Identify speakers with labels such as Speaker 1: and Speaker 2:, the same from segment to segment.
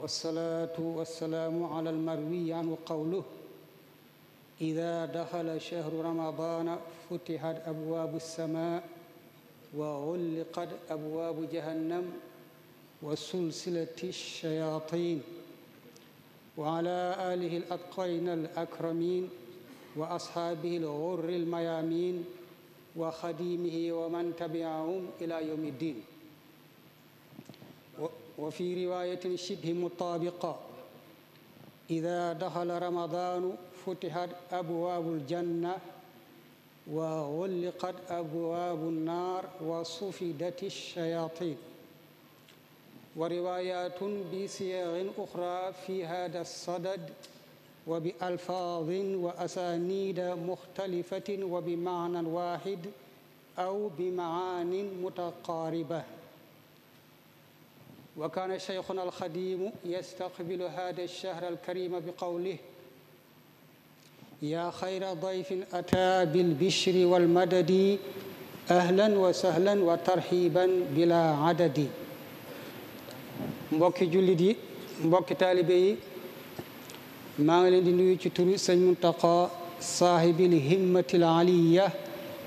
Speaker 1: والصلاة والسلام على المروي عنه قوله إذا دخل شهر رمضان فتحت أبواب السماء وغلقت أبواب جهنم وسلسلة الشياطين وعلى آله الأتقين الأكرمين وأصحابه الغر الميامين وخديمه ومن تبعهم إلى يوم الدين وفي رواية شبه مطابقة إذا دخل رمضان فتحت أبواب الجنة وغلقت أبواب النار وصفدت الشياطين وروايات بصيغ أخرى في هذا الصدد وبألفاظ وأسانيد مختلفة وبمعنى واحد أو بمعان متقاربة وكان شيخنا الخديم يستقبل هذا الشهر الكريم بقوله يا خير ضيف أتى بالبشر والمدد أهلا وسهلا وترحيبا بلا عدد مبكي جلدي مبكي طالبي ما لدي نوي تشتري سنمتقى صاحب الهمة العلية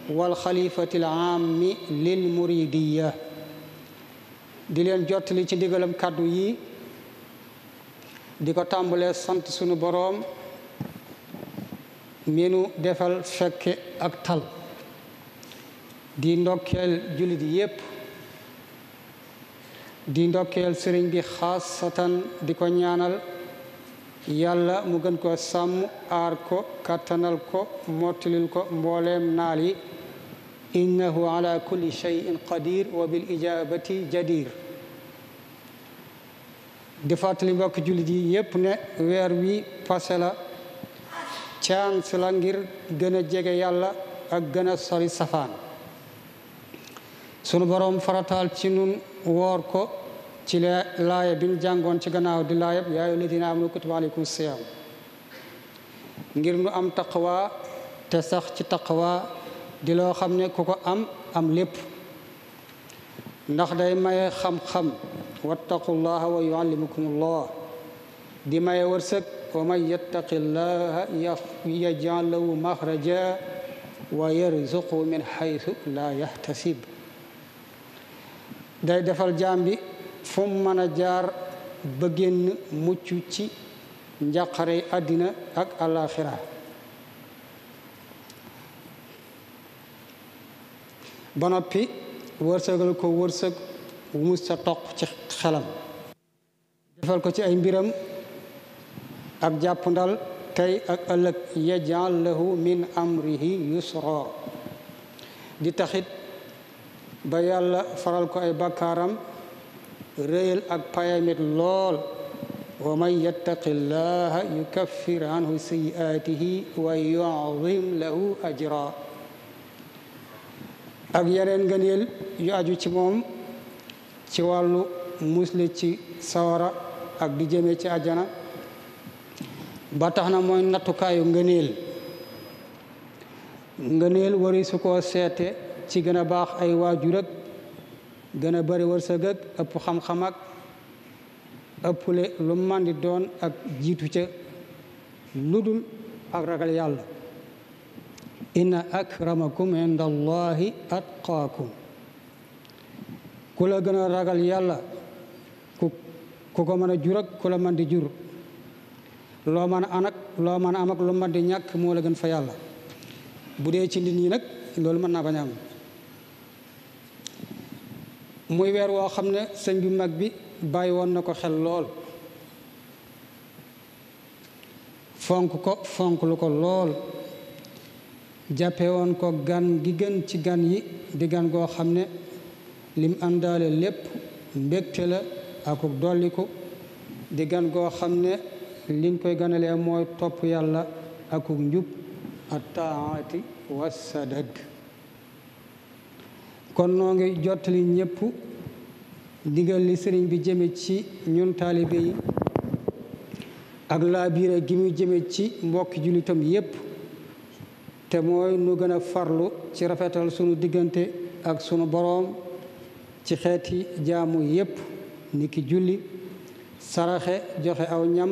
Speaker 1: والخليفة العام للمريدية di leen jottali ci ndigalam kàddu yi di ko tàmbalee sant sunu boroom mi defal fekke ak tal di ndokkeel jullit yépp di ndokkeel sëriñ bi xaasatan di ko ñaanal yàlla mu gën ko sàmm aar ko kàttanal ko mottilil ko mboolem naal yi إنه على كل شيء قدير وبالإجابة جدير di fàttali mbokk jullit yi yépp ne weer wi passé la chance la ngir gën a jege yàlla ak gën a sori safaan sunu boroom farataal ci nun woor ko ci laaya bi ñu jàngoon ci gannaaw di laayab yaa ayyuha lladiina aamanu kutiba aleykum siyaam ngir nu am taqwa te sax ci taqwa di lo xamne ku ko am am lépp ndax day may xam-xam wattaqullaha wa yuallimukumullah di may wërsëg wa may yattaqillaha yaj'al lahu makhraja wa yarzuqu min haythu la yahtasib day defal jambi bi fu mu jaar ba génn ci njaqare adina ak àllaaxira بنابي ورسالة ورسك ومستطاق خلاص. دفعك أي برم أبجاء فندل تي ألك يجعل له من أمره يسرى. دتخذ الله فرالك أي بكارم ريل أك بايمت لول ومن يتق الله يكفر عنه سيئاته ويعظم له أجرا. ak yeneen ngëneel yu aju ci moom ci wàllu musle ci sawara ak di jëme ci ajjana ba tax na mooy nattukaayu ngëneel ngëneel wari su ko seete ci gën a baax ay waajur gën a bari wërsëg ak ëpp xam-xam ak ëpple lu mandi doon ak jiitu ca lu dul ak ragal yàlla inna akramakum inda allahi atqaakum ku la gën a ragal yàlla ku ku ko mën a jur ak ku la mën di jur loo mën a am ak loo mën a am ak lu mën di ñàkk moo la gën fa yàlla bu dee ci nit ñi nag loolu mën naa bañ am muy weer woo xam ne sëñ bi mag bi bàyyi woon na ko xel lool fonk ko fonk lu ko lool jàppewoon ko gan gi gën ci gan yi di gan goo xam ne lim àndaale lépp mbégte la akuk dolliku di gan goo xam ne liñ koy ganalee mooy topp yàlla akuk njub ak taati wasadad kon noo ngi jottali ñëpp digal li sëriñ bi jëme ci ñun taalibe yi ak laabiire gi mu jëme ci mbokki jullitam yépp te mooy nu gën a farlu ci rafetal sunu diggante ak sunu boroom ci xeeti jaamu yépp niki julli saraxe joxe aw ñam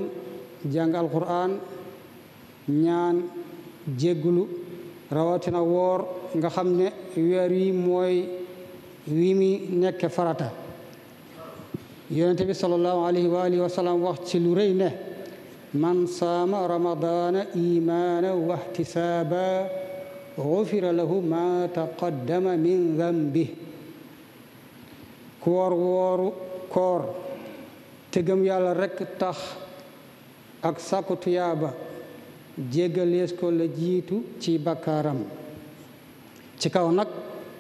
Speaker 1: jàng alquran ñaan jéggulu rawatina woor nga xam ne weer wi mooy wi mi nekk farata yonente bi sallallahu alayhi wa alihi wa wax ci lu rëy ne man saama ramadaana imaana wahtisaaba gufira lahu ma taqaddama min dambi ku woor wooru koor te yàlla rekk tax ak sàkku tuyaaba jéggalees ko la jiitu ci bakkaaram ci kaw nag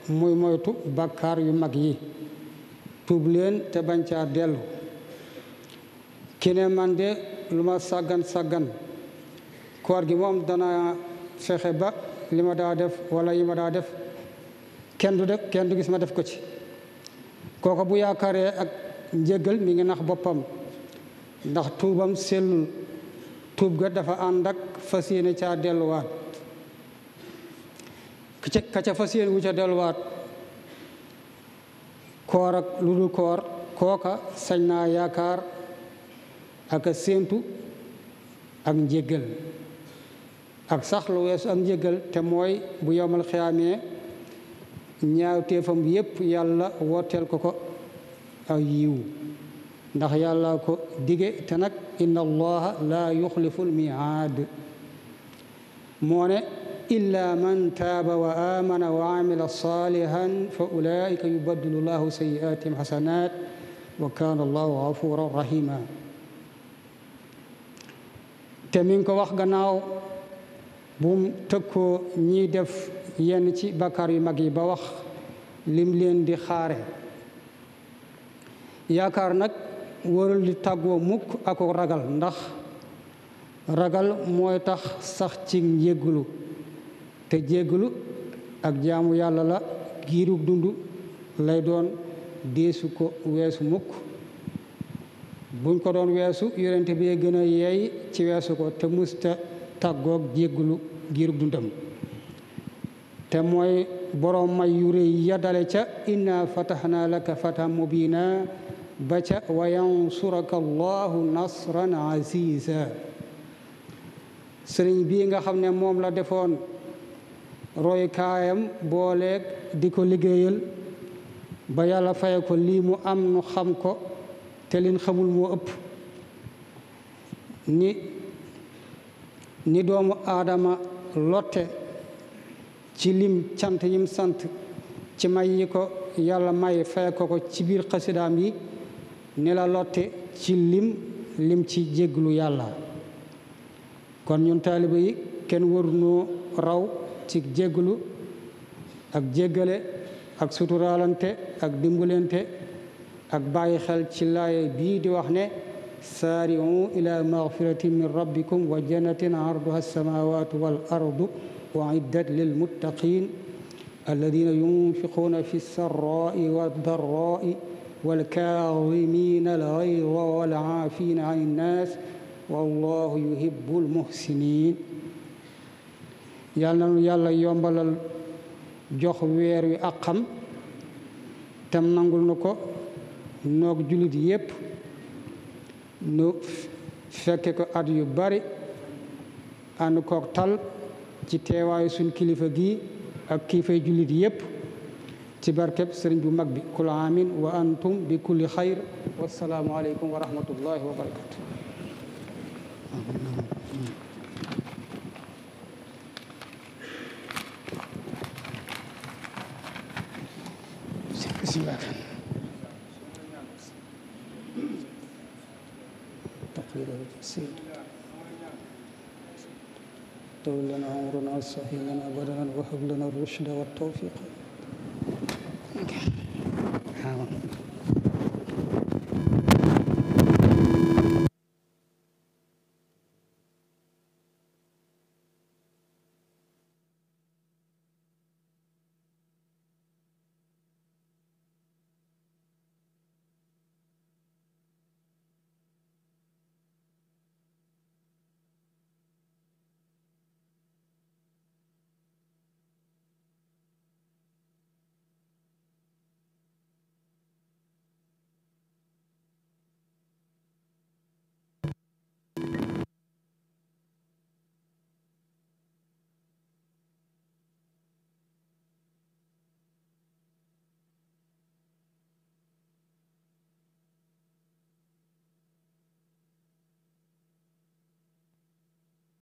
Speaker 1: muy moytu bakkaar yu mag yi tuub leen te bañ caa dellu ki ne man de lu ma sàggan sàggan koor gi moom dana fexe ba li ma daa def wala yi ma daa def kenn du def kenn du gis ma def ko ci kooko bu yaakaaree ak njëgal mi ngi nax boppam ndax tuubam sellul tuub ga dafa ànd ak fas delluwaat ka ca fas yéene wu ca delluwaat koor ak lu dul koor kooka sañ naa yaakaar ak a séentu ak njéggal ak sax lu weesu ak njéggal te mooy bu yowmal xiyaamee ñaawteefam yépp yàlla wooteel ko ko aw yiw ndax yàlla ko dige te nag inna allaha laa yuxlifu lmiaad moo ne illa man taaba wa amana wa amila salihan fa ulaika yubaddilu llahu sayiatihim xasanat wa kaana allahu gafuran rahima te mi ngi ko wax gannaaw bum tëkkoo ñiy def yenn ci bakkar yu mag yi ba wax lim leen di xaare yaakaar nag warul di tàggoo mukk ak ragal ndax ragal mooy tax sax ci njéggulu te jéggulu ak jaamu yàlla la giirug dund lay doon deesu ko weesu mukk buñ ko doon weesu yonente bi gën a yeey ci weesu ko te musta tàggoog jéggulu giirug dundam te mooy boroom may yu réy ya ca inna fataxna laka fatan mubina ba ca wa yansuraka allahu nasran aziza sëriñ bii nga xam ne moom la defoon roykaayam kaayam di ko liggéeyal ba yàlla faye ko lii mu am nu xam ko te liñ xamul moo ëpp ni ni doomu aadama lotte ci lim cant yim sant ci may yi ko yàlla may faye ko ko ci biir xasidaam yi ni la lotte ci lim lim ci jégglu yàlla kon ñun taaliba yi kenn waru noo raw ci jégglu ak jéggale ak suturaalante ak dimbalante ak baye xel ci lay bi di wax ne sari'u ila magfiratin min rabbikum wa jannatin arduha as-samawati wal ardu wa 'iddat uiddat lilmuttaqin alladina yunfiquuna fi sarra'i al walkaadimina wal walcaafina 'anil nas wallahu yuhibbul muhsinin yàlla nu yàlla yombalal jox weer wi akam tam nangul nuko noog jullit yépp nu fekke ko at yu bari ànd koog tal ci teewaayu suñ kilifa gi ak kiifay jullit yépp ci barkeb sëriñ bu mag bi kul amin wa antum bi kulli xayr wassalaamu aleykum wa rahmatullahi wa barakatu bismillah طول لنا عمرنا الصحيح لنا أبدا وهب لنا الرشد والتوفيق. Okay.